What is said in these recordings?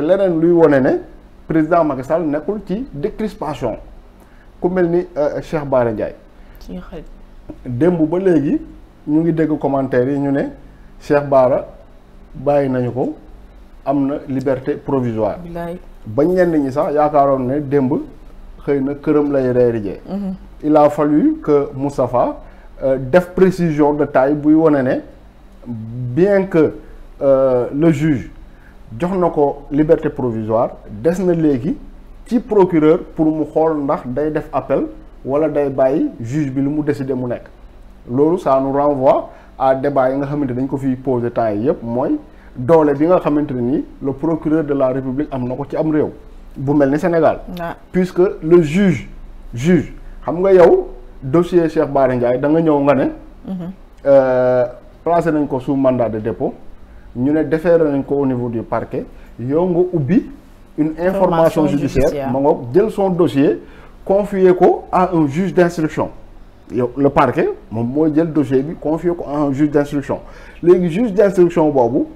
te leneen luy wone ne président Macky Sall nekkul ci décrispation ku mel ni euh, Cheikh Bara Ndiaye démb ba léegi ñu ngi dégg commentaire yi ñu ne Cheikh Bara bàyyi nañu ko am na liberté provisoire ba ñenn ñi sax yaakaaroon ne démb xëy na këram lay reeri jee mhm. il a fallu que Moustapha euh, def précision de taille buy wone ne bien que euh, le juge jox na ko liberté provisoire des na léegi ci procureur pour mu xool ndax day def appel wala day bàyyi juge bi lu mu décider mu nekk loolu ça nous renvoie à débat yi nga xamante dañ ko fi posé temps yi yëpp mooy doole bi nga xamante ne ni le procureur de la république am na ko ci am réew bu mel ni Sénégal ah. puisque le juge juge xam nga yow dossier Cheikh Bara Ndiaye da nga ñëw nga ne mhm. euh, placé nañ ko su mandat de dépôt ñu ne déféré nañ ko au niveau du parquet yow nga ubbi une information judiciaire ma ngoog jël son dossier confier ko à un juge d'instruction yow le parquet moom mooy jël dossier bi confier ko à un juge d'instruction léegi juge d'instruction boobu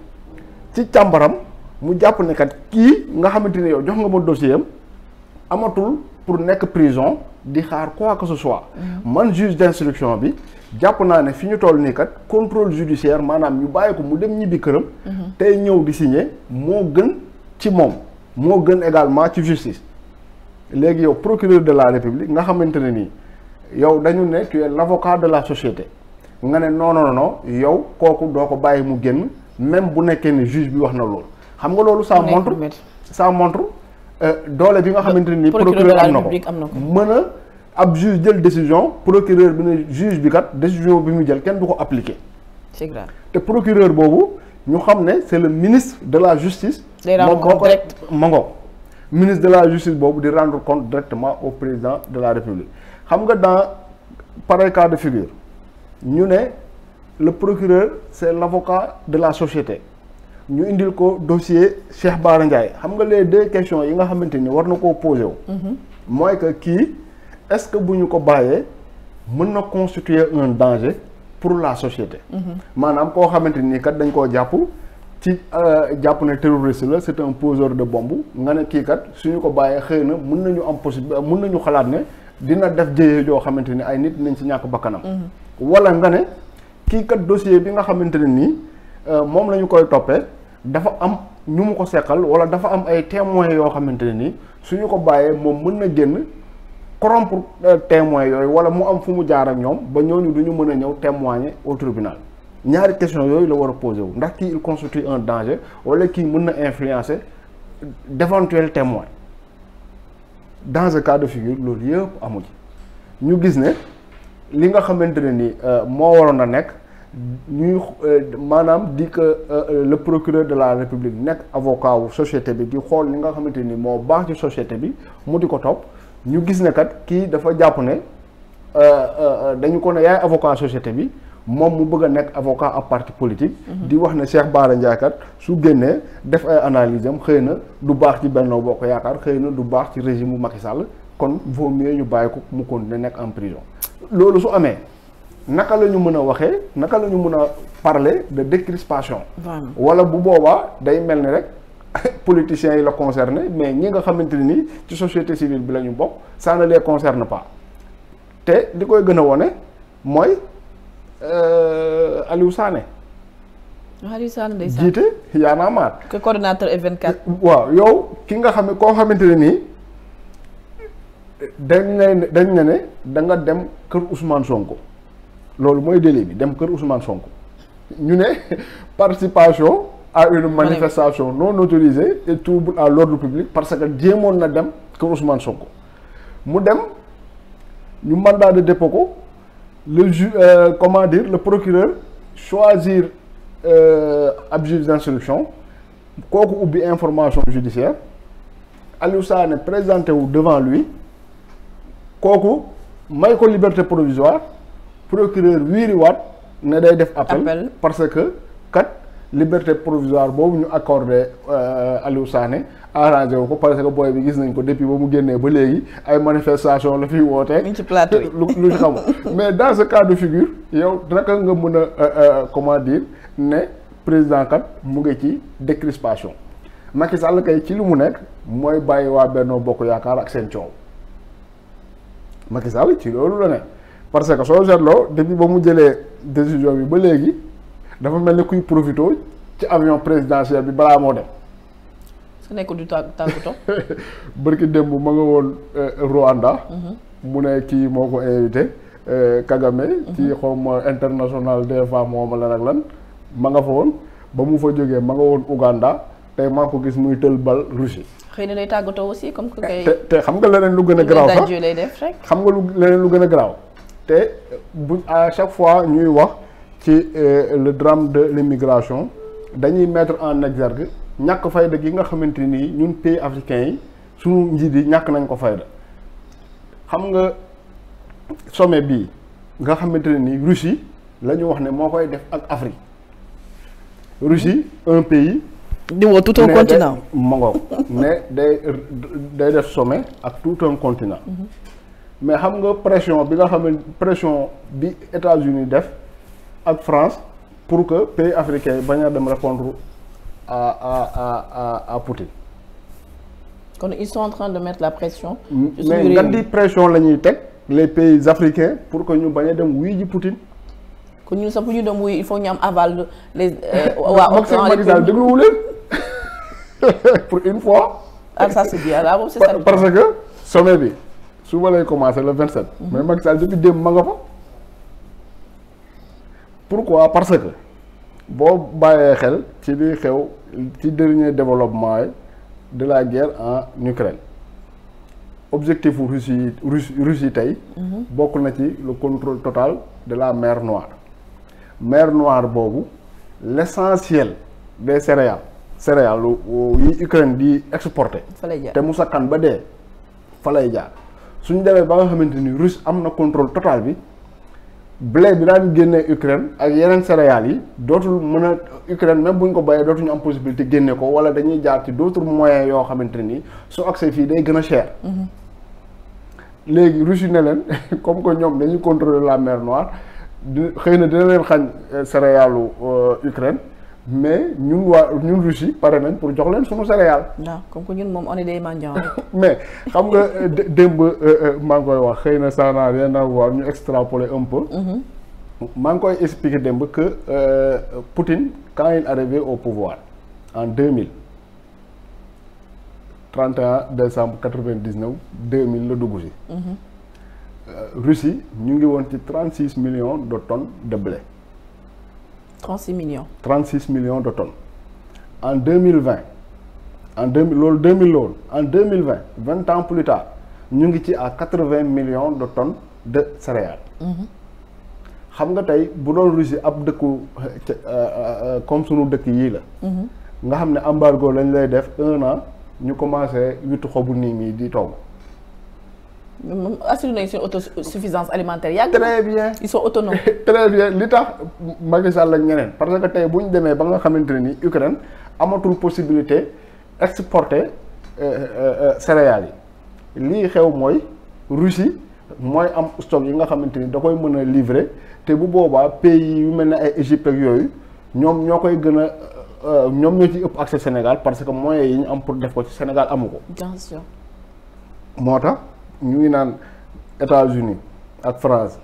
ci càmbaram mu jàpp ne kat kii nga xamante ne yow jox nga ma dossier am amatul pour nekk prison di xaar quoi que soit. Mm-hmm. man juge d'instruction bi jàpp naa ne fi ñu toll nii kat contrôle judiciaire maanaam ñu bàyyi ko mu dem ñibbi këram. Mm-hmm. tey ñëw di signer moo gën ci moom moo gën également ci justice. léegi yow procureur de la république nga xamante ne nii yow dañu ne tu l'avocat de la société nga ne non non non yow kooku doo ko bàyyi mu génn même bu nekkee ne juge bi wax na loolu. xam nga loolu ça montre sa montre Euh, doole bi nga xamante ni procureur am na ko mën a ab juge jël décision procureur bi ne juge bi kat décision bi mu jël kenn du ko appliquer te procureur boobu ñu xam ne c'est le ministre de la justice moom moo ko mango ministre de la justice boobu di rendre compte directement au président de la république xam nga dans pareil cas de figure ñu ne le procureur c'est l'avocat de la société ñu indil ko dossier Cheikh Bara Ndiaye xam nga les deux questions yi nga xamante ni war na koo posé wu. Mhm. mooy que kii est-ce que bu ñu ko bàyyee mën na constituer un danger pour la société. Mhm. maanaam koo xamante ni kat dañ koo jàpp ci euh, jàpp ne terroriste la c'est un poseur de bombe nga ne kii kat suñu ko bàyyee xëy na mën nañu am possi mën nañu xalaat ne dina def jëye joo xamante ni ay nit nañ ci ñàkk bakkanam. Mhm. wala nga ne kii kat dossier bi nga xamante ne nii euh, moom la ñu koy toppee. dafa am ñu mu ko seqal wala dafa am ay témoins yoo xamante ne ni suñu ko bàyyee moom mën na génn corrompre euh, témoins yooyu wala mu am fu mu jaar ak ñoom ba ñooñu du ñu mën a ñëw témoigner au tribunal ñaari question yooyu la war a posé wu ndax kii il constitue un danger wala kii mën na influencer d'éventuels témoins dans ce cas loolu yëpp amu ci ñu gis ne li nga xamante ne ni euh, moo waroon a nekk. ñuy euh, maanaam di que euh, euh, le procureur de la république nekk avocat société bi di xool li nga xamante ni moo baax ci société bi mu di ko topp ñu gis ne kat kii dafa jàpp ne dañu ko ne yaay avocat société bi moom mu bëgg a nekk avocat ab parti politique. Mhm. di wax ne Cheikh Bara Ndiaye kat su génnee def ay analyse am xëy na du baax ci Benno Bokk Yaakaar xëy na du baax ci régime bu Macky Sall kon vaut mieux ñu bàyyi ko mu continuer nekk en prison loolu su amee. naka la ñu mën a waxee naka lañu mën a parler de décrispation wala bu boobaa day mel ni rek politiciens yi la concerné mais ñi nga xamante ni ci société civile bi la ñu bokk ça ne les concerne pas te li koy gën a wone mooy euh, Aliou Sané Aliou Sané day jiite Y'en a marre que coordonnateur f waaw yow ki nga xam ne koo xamante ne nii dañ ne dañ ne ne da nga dem kër Ousmane Sonko loolu mooy délai bi dem kër Ousmane Sonko ñu ne participation à une manifestation non autorisée et trouble à l'ordre public parce que jéemoon na dem kër Ousmane Sonko mu dem ñu mandat de dépôt ko le ju euh, comment dire le procureur choisir euh, ab juge d'instruction kooku ubbi information judiciaire Aliou Sané présenté wu devant lui kooku may ko liberté provisoire procureur wiiriwaat na day def appel parce que kat liberté provisoire boobu ñu accordé euh, Aliou Sané arrangé wu ko parce que booy bi gis nañ ko depuis ba mu génnee ba léegi ay manifestation la fi wootee lu lu ñu xamul mais dans ce cas de figure yow naka nga mën a euh, euh, comment dire ne président mu ngi ci décrispation Macky Sall kay ci li mu nekk mooy bàyyi waa Benno Bokk Yaakaar ak seen coow Macky Sall ci loolu la ne parce que soo seetloo depuis ba mu jëlee décision bi ba léegi dafa mel ni kuy profité ci avion présidentiel bi balaa moo dem. su nekkul du tàggatoo. bërki démb ma nga woon euh, Rwanda. Mhm. mu ne kii moo ko invité euh, Kagame. ci mhm. xaw ma international des fois moom la nag lan ma nga fa woon ba mu fa jógee ma nga woon Uganda tey maa ko gis muy tël bal Russie. xëy na day tàggatoo aussi comme que. Eh, te te xam nga leneen lu gën a. garaaw sax xam nga lu leneen lu gën a garaaw. te bu à chaque fois ñuy wax ci euh, le drame de l'immigration dañuy mettre en exergue ñàkk fayda gi nga xamante nii ñun pays africains yi suñu njiit yi ñàkk nañ ko fayda xam nga sommet bii nga xamante ne ni Russie la ñu wax ne moo koy def ak Afrique Russie un pays. di woo tout un continent. ma ngoog ne day day def sommet ak tout un continent. Mm mais xam nga pression bi nga xam ne pression bi États-Unis def ak France pour que pays africain bañ dem répondre à à Poutine. kon ils sont en train de mettre la pression. mais nga di pression la ñuy teg les pays africains pour que ñu bañ dem wuy ji Poutine. kon ñun sax bu dem wuy il faut ñu am aval les. Euh, waa Occident les pays dégluwu pour une fois. ah ça c'est bien ah, parce que sommet bi. suba lay commencé le 27. Mhm. mais Macky Sall depuis démb ma nga fa. pourquoi parce que boo bàyyee xel ci li xew ci dernier développement de la guerre en Ukraine objectif Russie Russie tey. Mhm. bokk na ci le contrôle total de la mer Noire. mer Noire boobu l'essentiel des céréales céréales yi Ukraine di exporter. te mu sakkan ba dee falay lay jaar. suñu demee ba nga xamante ni russe am na contrôle total bi blé bi daan génnee Ukraine ak yeneen céréales yi dootul mën a Ukraine même bu ñu ko bayee dootuñu am possibilité génne ko wala dañuy jaar ci d'autres moyen yoo xamante ni soo accès fii day gën a cher. Mhm. léegi Russie ne leen comme que ñoom dañuy contrôler la mer Noire di xëy na dina leen xañ euh, céréalu euh, Ukraine. mais ñun waa ñun Russie pare nañ pour jox leen suñu céréales. waaw comme que ñun moom on est des mendiants mais xam nga euh, dé démb euh, euh, maa ngi koy wax xëy na ça n'a rien à voir ñu extrapoler un peu. Mhm. maa ngi koy expliquer démb que euh, Poutine quand il est arrivé au pouvoir en deux mille trente et un décembre quatre vingt dix neuf deux mille la dugg si. Mhm. Russie ñu ngi woon ci trente six million de ton de blé. 36 millions. 36 millions de tonnes en 2020 en deux loolu 2000 la en 2020 vingt ans plus tard ñu ngi ci à 80 million de ton de céréales. Mhm. xam nga tey bu doon Russie ab dëkku comme sunu dëkk yii la. Mhm. nga xam ne embargo lañ lay def un an ñu commencé witti xobu niim yi di togg. assuré nañu seen autosuffisance alimentaire yàgg très bien ils sont autonomes très bien li tax Macky Sall ak ñeneen parce que tey bu ñu demee ba nga xamante ne ni Ukraine amatul possibilité exporter euh, euh, euh, céréales yi lii xew mooy Russie mooy am stock yi nga xamante ni da koy mën a livrer te bu boobaa pays yu mel ni ay Égypte ak yooyu ñoom ñoo koy gën a ñoom ñoo ci ëpp accès Sénégal parce que moyens yi ñu am pour def ko ci Sénégal amu ko. bien moo tax. ñu ngi naan États-Unis ak France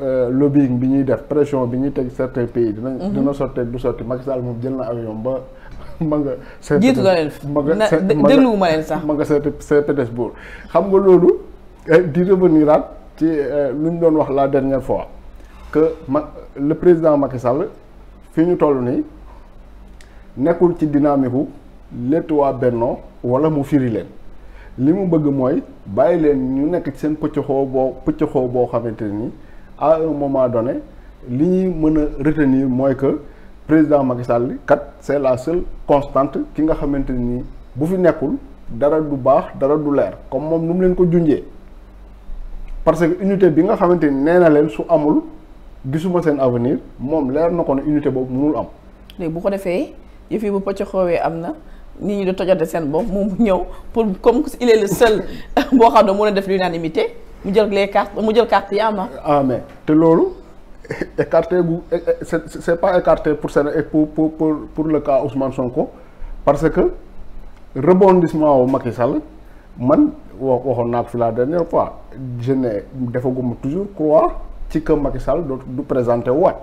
euh, lobbying bi ñuy def pression bi ñuy teg certains pays. dina mhm. dina sottee du sotti Macky Sall moom jël na avion ba. ma nga Saint jiitu nga leen ma nga dégluwuma leen sax ma nga saint xam nga loolu eh, di revenir aat ci eh, lu ñu doon wax la dernière fois que ma le président Macky Sall fi ñu toll nii nekkul ci dynamique wu léttu waa Bennoo wala mu firi leen. li mu bëgg mooy bàyyi leen ñu nekk ci seen pëccëxoo boo pëccëxoo boo xamante ni à un moment donné li ñuy mën a retenir mooy que président Macky Sall kat c'est la seule constante ki nga xamante nii bu fi nekkul dara du baax dara du leer comme moom nu mu leen ko junjee parce que unité bi nga xamante ni nee na leen su amul gisuma seen avenir moom leer na ko ne unité boobu mënul am. léegi bu ko defee yëf yi bu pëccëxoowee am na. nit ñi di tojante seen boobu moom mu ñëw pour comme il est le boo xam ne mën a def l'unanimité mu jël les cartes mu jël carte yi ama ah mais te loolu écarté gu c'est c'est pas écarté pour seen pour pour pour le cas Ousmane Sonko parce que rebondissement wu Macky man wax waxoon naa ko fi fois je ne defaguma toujours croire ci que Macky Sall du présenté waat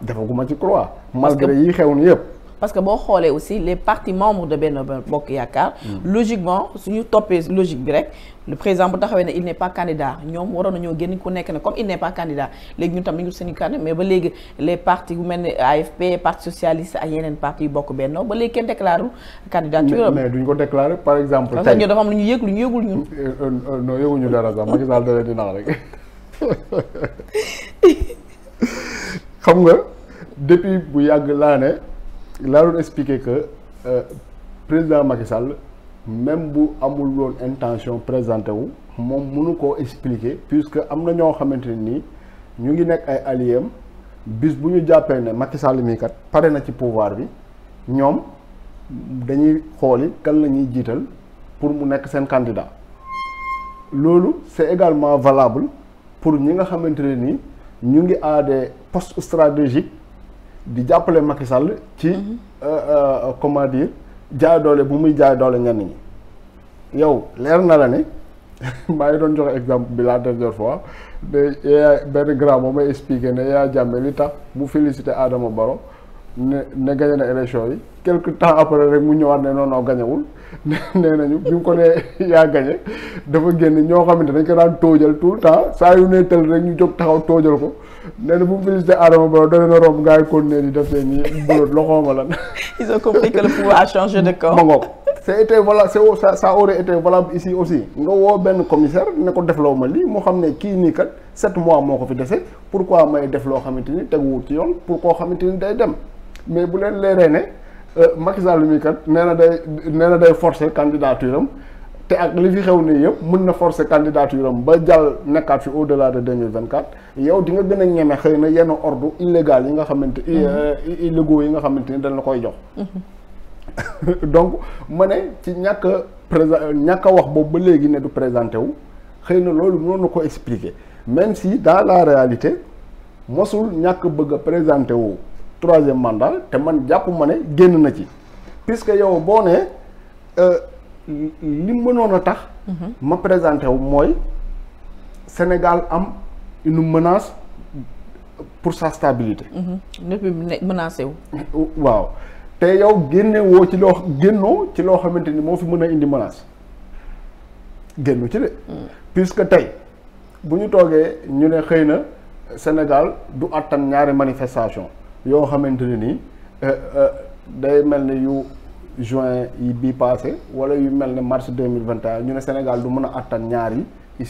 defaguma ci croire malgré yi xew na yëpp parce que boo xoolee aussi les partis membres de Benno Bokk Yaakaar mm. logiquement ñu toppee logique bi rek le exemple taxawee ne il n'est pas candidat ñoom waroon nañoo génn ku nekk ne comme il n'est pas candidat léegi ñun tam nañu seen candidat mais ba léegi les partis bu mel ne AFP parti socialiste ak yeneen parti yu bokk benn ba léegi kenn déclaré candidature mais duñ ko déclaré par exemple tey ñoo dafa am lu ñu yëg lu ñu yëgul ñun euh, euh, euh, non yëguñu dara sax Macky Sall nga bu yàgg laa laa doon expliquer que euh, président Macky Sall même bu amul woon intention présenté wu moom mënu koo expliquer puisque am na ñoo xamante ne nii ñu ngi nekk ay alliés bis bu ñu jàppee ne Macky Sall mii kat pare na ci pouvoir bi ñoom dañuy xooli kan la ñuy jiital pour mu nekk seen candidat loolu c'est également valable pour ñi nga xamante ne nii ñu ngi à des postes stratégiques di jàppale Macky Sall ci mhm. euh, euh, comment dire jaay doole bu muy jaay doole ñenn ñi yow leer na la ne maa ngi doon joxe exemple bi la dernière fois de benn grand moom may expliqué ne yaa jàmme li tax mu félicité Adama Baro ne ne gagné na élection yi quelque temps après rek mu ñëwaat ne non non gañewul nee nañu bi mu ko nee yaa gagné dafa génn ñoo xamante dañ ko daan tóojal tout le temps saa yu ne tël rek ñu ko nee na bu mu def leen nii bulóot loxooma changé de camp. ma ngoog c'était voilà c'est ça ça aurait nga woo benn commissaire ne ko defloo ma lii moo xam ne kii nii kat set mois moo ko fi dese pourquoi may def loo xamante ni teguwul ci yoon pour koo xamante ni day dem. mais bu leen leeree ne euh, Macky Sall mi nee na day nee na day forcer candidature am te ak li fi xew nii yëpp mën na force candidature ba jàll nekkaat fi au delà de deux mille vingt quatre yow di nga gën a ñeme xëy na yenn ordre illégal yi nga xamante. Mhm. Euh, illégaux yi nga xamante ni dañ na koy jox. Mhm. donc ma ne ci ñàkk a présent ñàkk a wax boobu ba léegi ne du présenté wu xëy na loolu mënoon na ko expliquer même si dans la réalité mosul ñàkk bëgg a présenté wu. troisième mandat te man jàpp ma ne génn na ci puisque yow boo ne euh, li mënoon a tax mhm. ma présenté wu mooy Sénégal am une menace pour sa stabilité mhm. lépp menacé wu waaw te yow génnewoo woo ci loo génnoo ci loo xamante ni moo fi mën a indi menace génnu ci de mm. puisque tey bu ñu toogee ñu ne xëy na Sénégal du àttan ñaari manifestation yoo xamante ne nii euh, euh, day mel ne yu juin yi bii passé wala yu mel ne mars deux mille vingt ñu ne Sénégal du mën a attan ñaar yi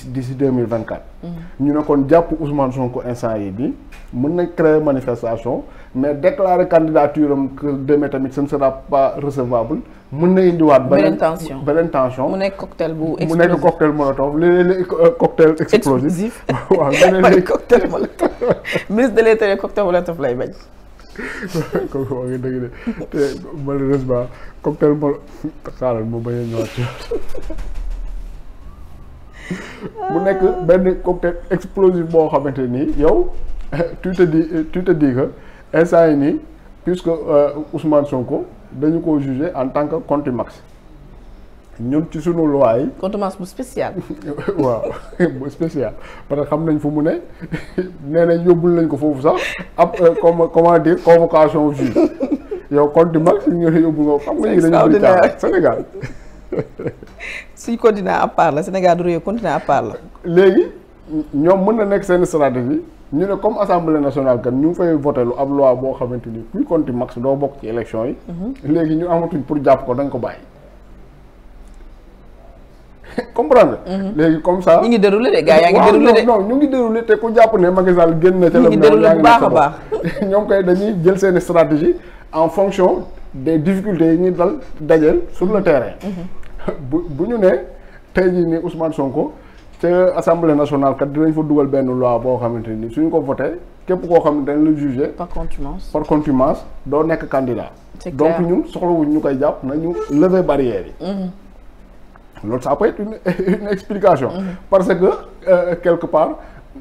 d'ici deux mille vingt quatre. Mm-hmm. ñu ne kon jàpp Ousmane Sonko instant yi bi mën na créer manifestation mais déclarer candidature am que demee tamit ce ne sera pas recevable mën na indiwaat. beneen tension beneen mu nekk cocktail bu explosif mu nekk cocktail molotov léeg-léeg euh, cocktail explosif. waaw ministre de l'intérieur cocktail molotov lay bañ. kooku wax nga dëgg de te malheureusement cocktail mol xaaral mu bañ a ñëwaat mu nekk benn cocktail explosif boo xamante nii yow tu te dis tu te dis que instant yi nii puisque euh, Ousmane Sonko dañu ko jugé en tant que contumax ñun ci sunu loi yi. contenance bu spécial. waaw bu spécial parce que xam nañ fu mu ne nee nañ yóbbul nañ ko foofu sax ab euh, comme comment dire convocation juge yow compte max ñu ngi yóbbu nga xam nga ñu dañu la Sénégal du réew continent à part la. léegi ñoom mën na nekk seen stratégie ñu ne comme assemblée nationale kan ñu ngi fay voté lu ab loi boo xamante ni kuy compte max doo bokk ci élection yi. Mhm. léegi ñu amatuñ pour jàpp ko dañ ko bàyyi. comprendre mhm. léegi comme ça. ñu ngi déroulé de gars yaa ngi déroulé de non ñu ngi déroulé te ku jàpp ne Macky Sall génn na. ñu ngi déroulé bu baax a baax ñoom koy dañuy jël seen stratégie en fonction des difficultés yi ñuy dal dajeel sur le terrain. Mhm. bu bu ñu ne tey jii nii Ousmane Sonko ca assemblée nationale kat dinañ fa dugal benn loi boo xamante ni suñ ko voté képp koo xam ne dañ la jugé. par contumace par contumace doo nekk candidat. donc ñun soxlawuñ ñu koy jàpp nañu lever barrière loolu ça peut une une explication. Mhm. parce que euh, quelque part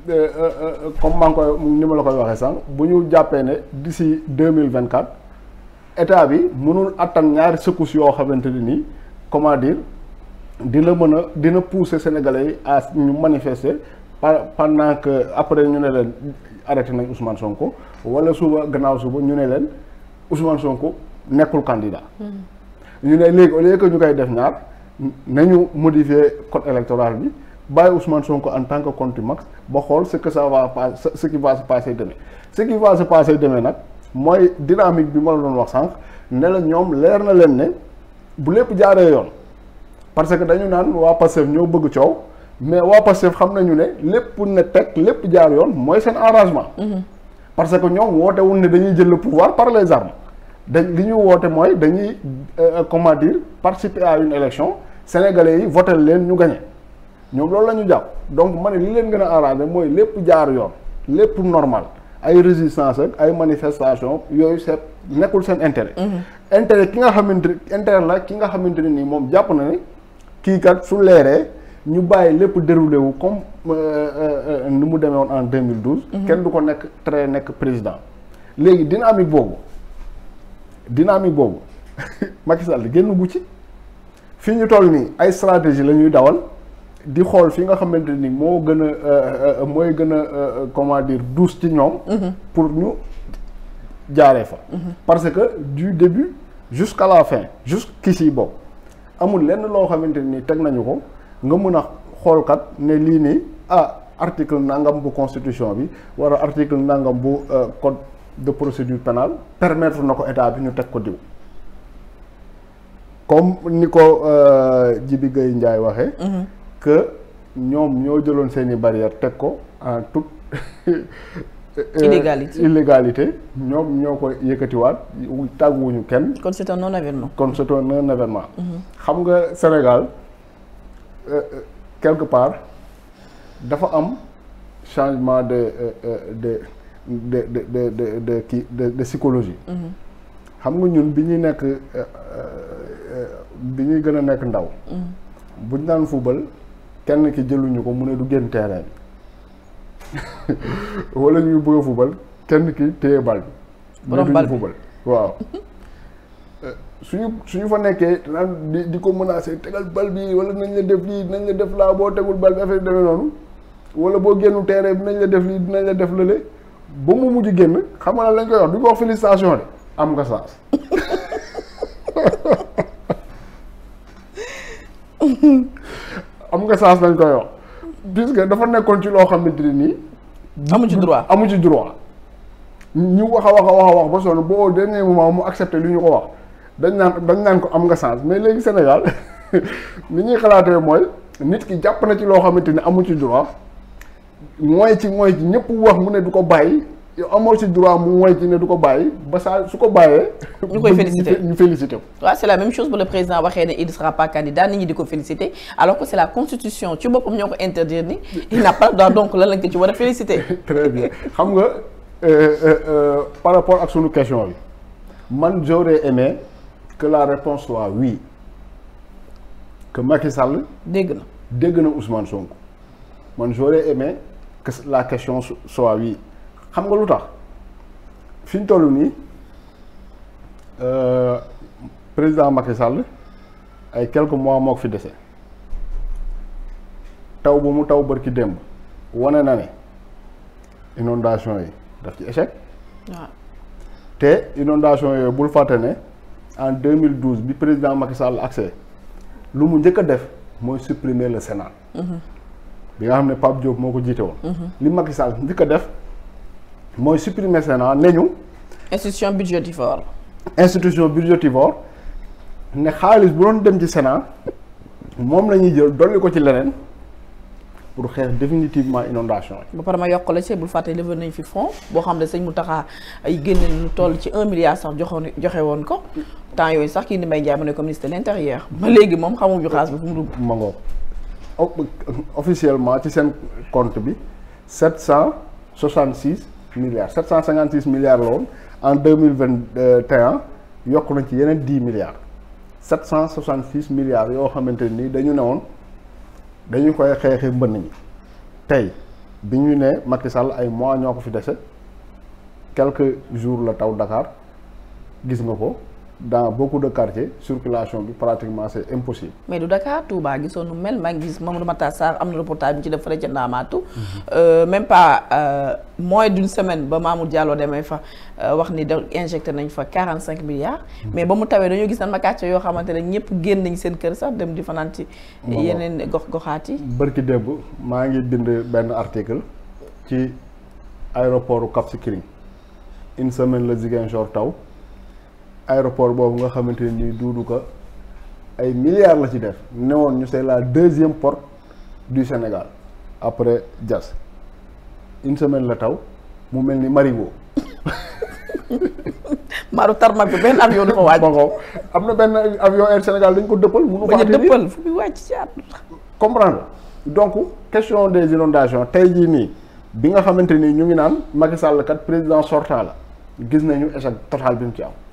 euh, euh, euh, comme man ngi koy ni ma la koy waxee sànq bu ñu jàppee ne di d'ici deux mille vingt quatre état bi mënul attan ñaari secousses yoo xamante ne nii comment dire dina mën a dina pousser sénégalais yi à ñu manifester par pendant après ñu ne leen arrêté nañ Ousmane Sonko wala suba gannaaw suba ñu ne leen Ousmane Sonko nekkul candidat. Mhm. ñu ne léegi au lieu ñu koy def ñaar. nañu modifier code électoral bi bàyyi Ousmane sonk en tant que contumax ba xool ce que ça va pas ce qui va se passer demain ce qui va se passer demain nag mooy dynamique bi ma la doon wax sànq ne la ñoom leer na leen ne bu lépp jaaree yoon parce que dañu naan waa que ñoo bëgg coow mais waa que xam nañu ne lépp ne teg lépp jaar yoon mooy seen arrangement. Mhm. parce que ñoom woote wun ne dañuy jël le pouvoir par les armes dañ li ñu woote mooy dañuy euh, comment dire participer sénégalais yi votel leen ñu gañe ñoom loolu la ñu jàpp donc ma ne li leen gën a arrangé mooy lépp jaar yoon lépp normal ay résistance ak ay manifestation yooyu c'est nekkul seen intérêt mm-hmm. intéret ki nga xamante intérêt la ki nga xamante ne nii moom jàpp na ni kii kat su leeree ñu bàyyi lépp déroulé wu comme euh, euh, euh, ni mu demee woon en 2012 mm-hmm. kenn du ko nekk très nekk président léegi dynamique boobu dynamique boobu Macky Sall génn gu ci fi ñu toll nii ay stratégie la ñuy dawal di xool fi nga xamante ni moo gën a euh, euh, mooy gën a euh, comment dire douce ci ñoom. Mm-hmm. pour ñu jaaree fa. Mm-hmm. parce que du début jusqu'à la fin jusqu'ici si boobu amul lenn loo xamante ni teg nañu ko nga mën a xoolkat ne lii nii ah article nangam bu constitution bi wala article nangam bu code de procédure pénale permettre na ko état bi ñu teg ko diw. comme ni ko euh, Jibi Gueye Ndiaye waxee. Mhm. que ñoom ñoo jëloon seen i barrière teg ko en toute. Euh, illégalité illégalité ñoom ñoo ko yëkkatiwaat tàgguwuñu kenn. kon c'est un non événement. kon c'est un non événement. Mhm. xam nga Sénégal euh, quelque part dafa am changement de de de de de de de de psychologie. Mhm. xam nga ñun bi ñuy nekk. bi ñuy gën a nekk ndaw. bu buñ daan fubal kenn ki jëluñu ko mu ne du génn terrain bi wala ñuy bëgg a kenn ki téye bal bi. borom bal bi fubal waaw. Euh, suñu suñu fa nekkee naan di di ko menacé tegal bal bi wala nañ la def lii dinañ la def laa boo tegul bal bi affaire demee noonu wala boo génnu terrain bi nañ la def lii dinañ la def lële ba mu mujj génn xam nga lañ koy wax du ko wax de am nga saas am nga chance lañ koy wax puisque dafa nekkoon ci loo xamante ne nii. amu ci droit amu ci droit. ñu wax a wax a wax a wax ba sonn boo au dernier moment mu accepté lu ñu ko wax dañ naan dañ naan ko am nga chance mais léegi Sénégal ni ñuy xalaatee mooy nit ki jàpp na ci loo xamante ni amu ci droit mooy ci mooy ci ñëpp wax mu ne du ko bàyyi. amoo ci droit mu mooy ci du ko bàyyi ba saa su ko bàyyee. ñu koy félicité ñu félicité ko. waaw la même chose bu le président waxee ne il ne nit ñi di ko félicité alors que c' est n' a pas droit a félicité. très xam nga euh, euh, euh, par rapport ak sunu question bi man j' aurais que la réponse soit oui que Macky Sall. dégg na dégg na Ousmane Sonko man j' aurais que la question soit oui. xam nga lu tax fi ñu toll nii euh, président Macky Sall ay quelques mois moo fi dese taw bu mu taw barki démb wane na ne inondation yi daf ci échec. waaw te inondation yooyu bul fàtte ne en 2012 bi président Macky Sall accès lu mu njëkk def mooy supprimer le Sénat. Mhm. bi nga xam ne Pape Diop moo ko jiite woon. Mhm. li Macky Sall njëkk def. mooy supprimer Sénat ne ñu. institution budgétivore. institution budgétivore ne xaalis bu doon dem ci Sénat moom lañuy jël dolli ko ci leneen pour xeex définitivement inondation yi. ba pare ma yokk la ci bul fàtte levé nañ fi fonds boo xam ne sëñ mu taxaa ay génne lu toll ci un milliard sax joxoon joxe woon ko temps yooyu sax kii ni may Ndiaye mu ne ko ministre de l'intérieur ma léegi moom xamuñu xaalis bi fu mu dugg. ma ngoog officiellement ci seen compte bi sept cent soixante six. milliards 756 milliards la woon en 2021 yokk nañ ci yeneen 10 milliards 766 milliards yoo xamante nii dañu ne woon dañu koy xeexi mbënn ñi tey bi ñu ne Macky Sall ay mois ñoo ko fi dese quelque jour la taw Dakar gis nga ko dans beaucoup de quartiers circulation bi pratiquement c' est impossible. mais du Dakar Touba gisoon nu mel maa ngi gis Mamadou Matar Sarr am na reportage bi ci def fële ca Ndaamaatu. Mhm. Euh, même pas euh, du d' semaine ba Mamour Diallo demee fa euh, wax ni da injecté nañ fa cinq milliards. Mhm. mais ba mu tawee dañoo gis nan ma quartier yoo xamante ne ñëpp génn nañ seen kër sax dem di fanaan ci. yeneen gox goxaat yi. bërki démb maa ngi bind benn article ci aéroport Cap Skirring une semaine taw. aéroport boobu nga xamante ne nii duudu ko ay milliards la ci def ne woon ñu c'est la deuxième porte du Sénégal après Diass une semaine la taw mu mel ni marigot. maaru tarmac bi benn avion dafa wàcc. am na benn avion Air Sénégal dañ ko dëppal. mënu ko dëppal fu muy wàcc ci at. comprendre donc question des inondations tey jii nii bi nga xamante nii ñu ngi naan Macky kat président sortant la gis nañu échec total bi mu ci am.